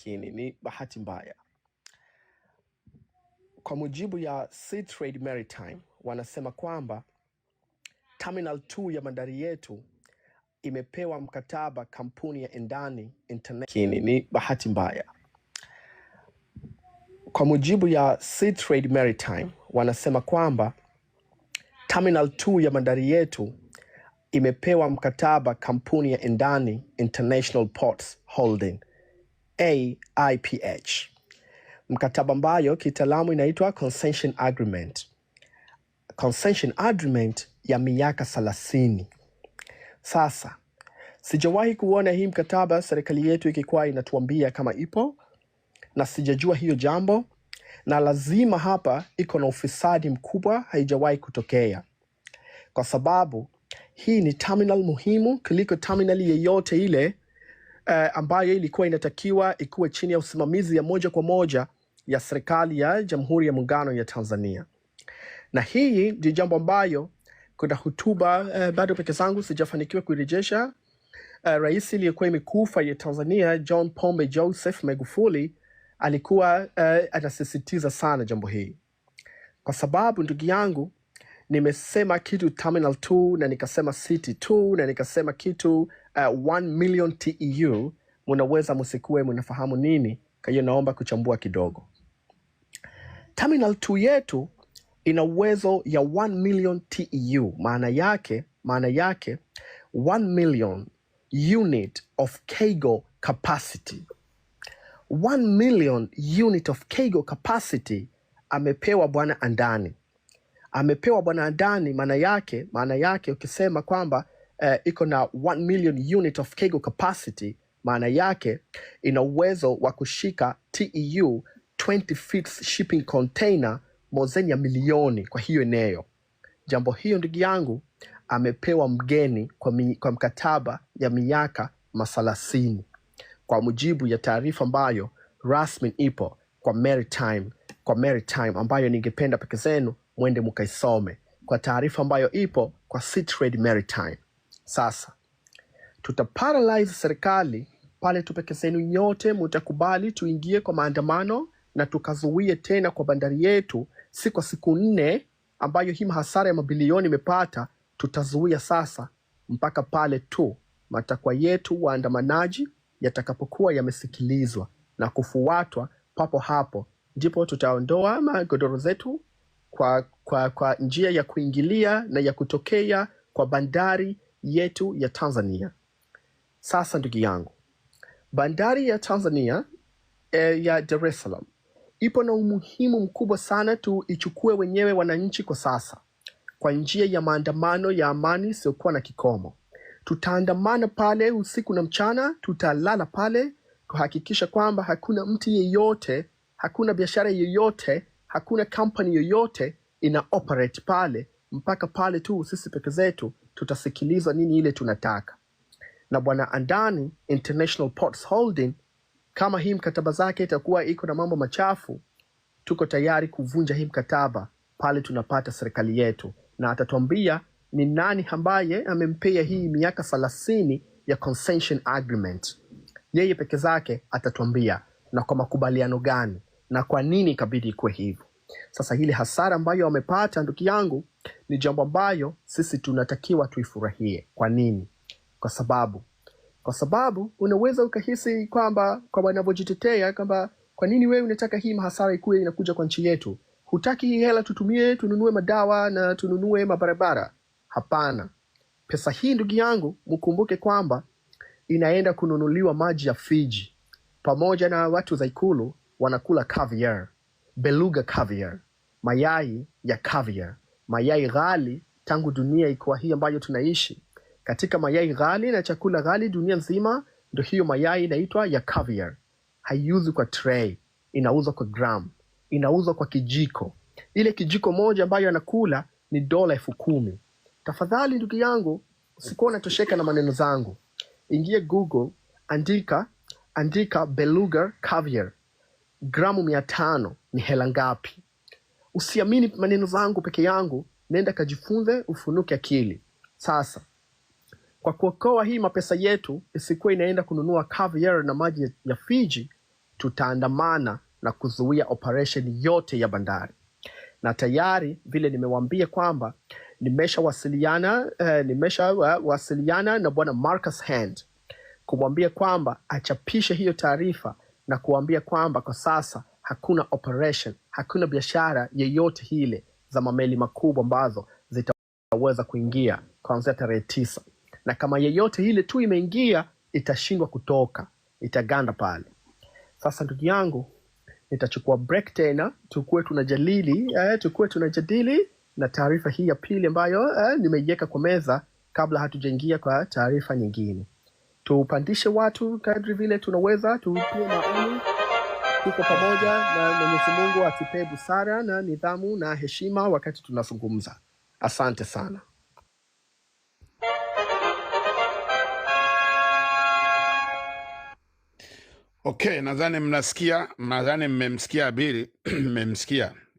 lakini ni bahati mbaya. Kwa mujibu ya Sea Trade Maritime, wanasema kwamba terminal 2 ya bandari yetu imepewa mkataba kampuni ya Endani International. Ni bahati mbaya. Kwa mujibu ya Sea Trade Maritime, wanasema kwamba terminal 2 ya bandari yetu imepewa mkataba kampuni ya Endani International Ports Holding AIPH, mkataba ambayo kitaalamu inaitwa consension agreement. consension agreement ya miaka 30. Sasa sijawahi kuona hii mkataba serikali yetu ikikuwa inatuambia kama ipo, na sijajua hiyo jambo, na lazima hapa iko na ufisadi mkubwa, haijawahi kutokea kwa sababu hii ni terminal muhimu kuliko terminal yeyote ile eh, ambayo ilikuwa inatakiwa ikuwe chini ya usimamizi ya moja kwa moja ya serikali ya Jamhuri ya Muungano ya Tanzania. Na hii ndio jambo ambayo kuna hotuba eh, bado peke zangu sijafanikiwa kuirejesha eh, rais aliyekuwa imekufa ya Tanzania John Pombe Joseph Magufuli alikuwa eh, anasisitiza sana jambo hili, kwa sababu ndugu yangu nimesema kitu terminal 2 na nikasema city 2 na nikasema kitu uh, 1 million teu munaweza msikue mnafahamu nini. Kwa naomba kuchambua kidogo. Terminal 2 yetu ina uwezo ya 1 million teu, maana yake maana yake 1 million unit of cargo capacity. 1 million unit of cargo capacity amepewa bwana Andani, amepewa bwana Andani. Maana yake maana yake ukisema kwamba uh, iko na 1 million unit of kego capacity. Maana yake ina uwezo wa kushika teu 20 feet shipping container mozeni ya milioni kwa hiyo eneo. Jambo hiyo ndugu yangu amepewa mgeni kwa, mi, kwa mkataba ya miaka masalasini kwa mujibu ya taarifa ambayo rasmi ipo kwa Maritime, kwa Maritime ambayo ningependa peke zenu mwende mkaisome kwa taarifa ambayo ipo kwa Ctrade Maritime. Sasa tutaparalyze serikali pale tupekezenu nyote mutakubali tuingie kwa maandamano na tukazuie tena kwa bandari yetu, si kwa siku nne ambayo hii hasara ya mabilioni imepata. Tutazuia sasa mpaka pale tu matakwa yetu waandamanaji yatakapokuwa yamesikilizwa na kufuatwa. Papo hapo ndipo tutaondoa magodoro zetu kwa, kwa, kwa njia ya kuingilia na ya kutokea kwa bandari yetu ya Tanzania. Sasa ndugu yangu, bandari ya Tanzania e, ya Dar es Salaam ipo na umuhimu mkubwa sana, tu ichukue wenyewe wananchi kwa sasa, kwa njia ya maandamano ya amani isiyokuwa na kikomo. Tutaandamana pale usiku na mchana, tutalala pale kuhakikisha kwamba hakuna mtu yeyote, hakuna biashara yeyote, hakuna kampani yoyote ina operate pale mpaka pale tu sisi peke zetu tutasikilizwa nini ile tunataka. Na bwana Andani International Ports Holding, kama hii mkataba zake itakuwa iko na mambo machafu, tuko tayari kuvunja hii mkataba pale tunapata serikali yetu, na atatuambia ni nani ambaye amempea hii miaka thelathini ya concession agreement. Yeye peke zake atatuambia, na kwa makubaliano gani na kwa nini ikabidi ikuwe hivyo. Sasa ile hasara ambayo wamepata ndugu yangu ni jambo ambayo sisi tunatakiwa tuifurahie. Kwa nini? Kwa sababu kwa sababu unaweza ukahisi kwamba kwa wanavyojitetea kwamba kwa nini wewe unataka hii mahasara ikuwe inakuja kwa nchi yetu, hutaki hii hela tutumie tununue madawa na tununue mabarabara? Hapana, pesa hii ndugu yangu, mkumbuke kwamba inaenda kununuliwa maji ya Fiji pamoja na watu za ikulu wanakula caviar beluga caviar, mayai ya caviar, mayai ghali tangu dunia ikuwa hii ambayo tunaishi. Katika mayai ghali na chakula ghali dunia nzima, ndio hiyo mayai inaitwa ya caviar. Haiuzwi kwa tray, inauzwa kwa gram, inauzwa kwa kijiko. Ile kijiko moja ambayo anakula ni dola elfu kumi. Tafadhali ndugu yangu, usikuwa unatosheka na maneno zangu, ingia Google, andika andika beluga caviar gramu mia tano ni hela ngapi? Usiamini maneno zangu peke yangu, nenda kajifunze, ufunuke akili. Sasa kwa kuokoa hii mapesa yetu isikuwa inaenda kununua kavier na maji ya Fiji, tutaandamana na kuzuia operesheni yote ya bandari. Na tayari vile nimewambia kwamba nimeshawasiliana eh, nimeshawasiliana na bwana Marcus Hand kumwambia kwamba achapishe hiyo taarifa na kuambia kwamba kwa sasa hakuna operation, hakuna biashara yeyote hile za mameli makubwa ambazo zitaweza kuingia kuanzia tarehe tisa, na kama yeyote ile tu imeingia itashindwa kutoka, itaganda pale. Sasa ndugu yangu, nitachukua break tena, tukuwe tunajadili eh, tukuwe tunajadili na taarifa hii ya pili ambayo eh, nimeiweka kwa meza kabla hatujaingia kwa taarifa nyingine tupandishe watu kadri vile tunaweza, tupie maoni. Tuko pamoja na Mwenyezi Mungu atupee busara na nidhamu na heshima wakati tunazungumza. Asante sana. Okay, nadhani mnasikia, nadhani mmemsikia Abiri mmemsikia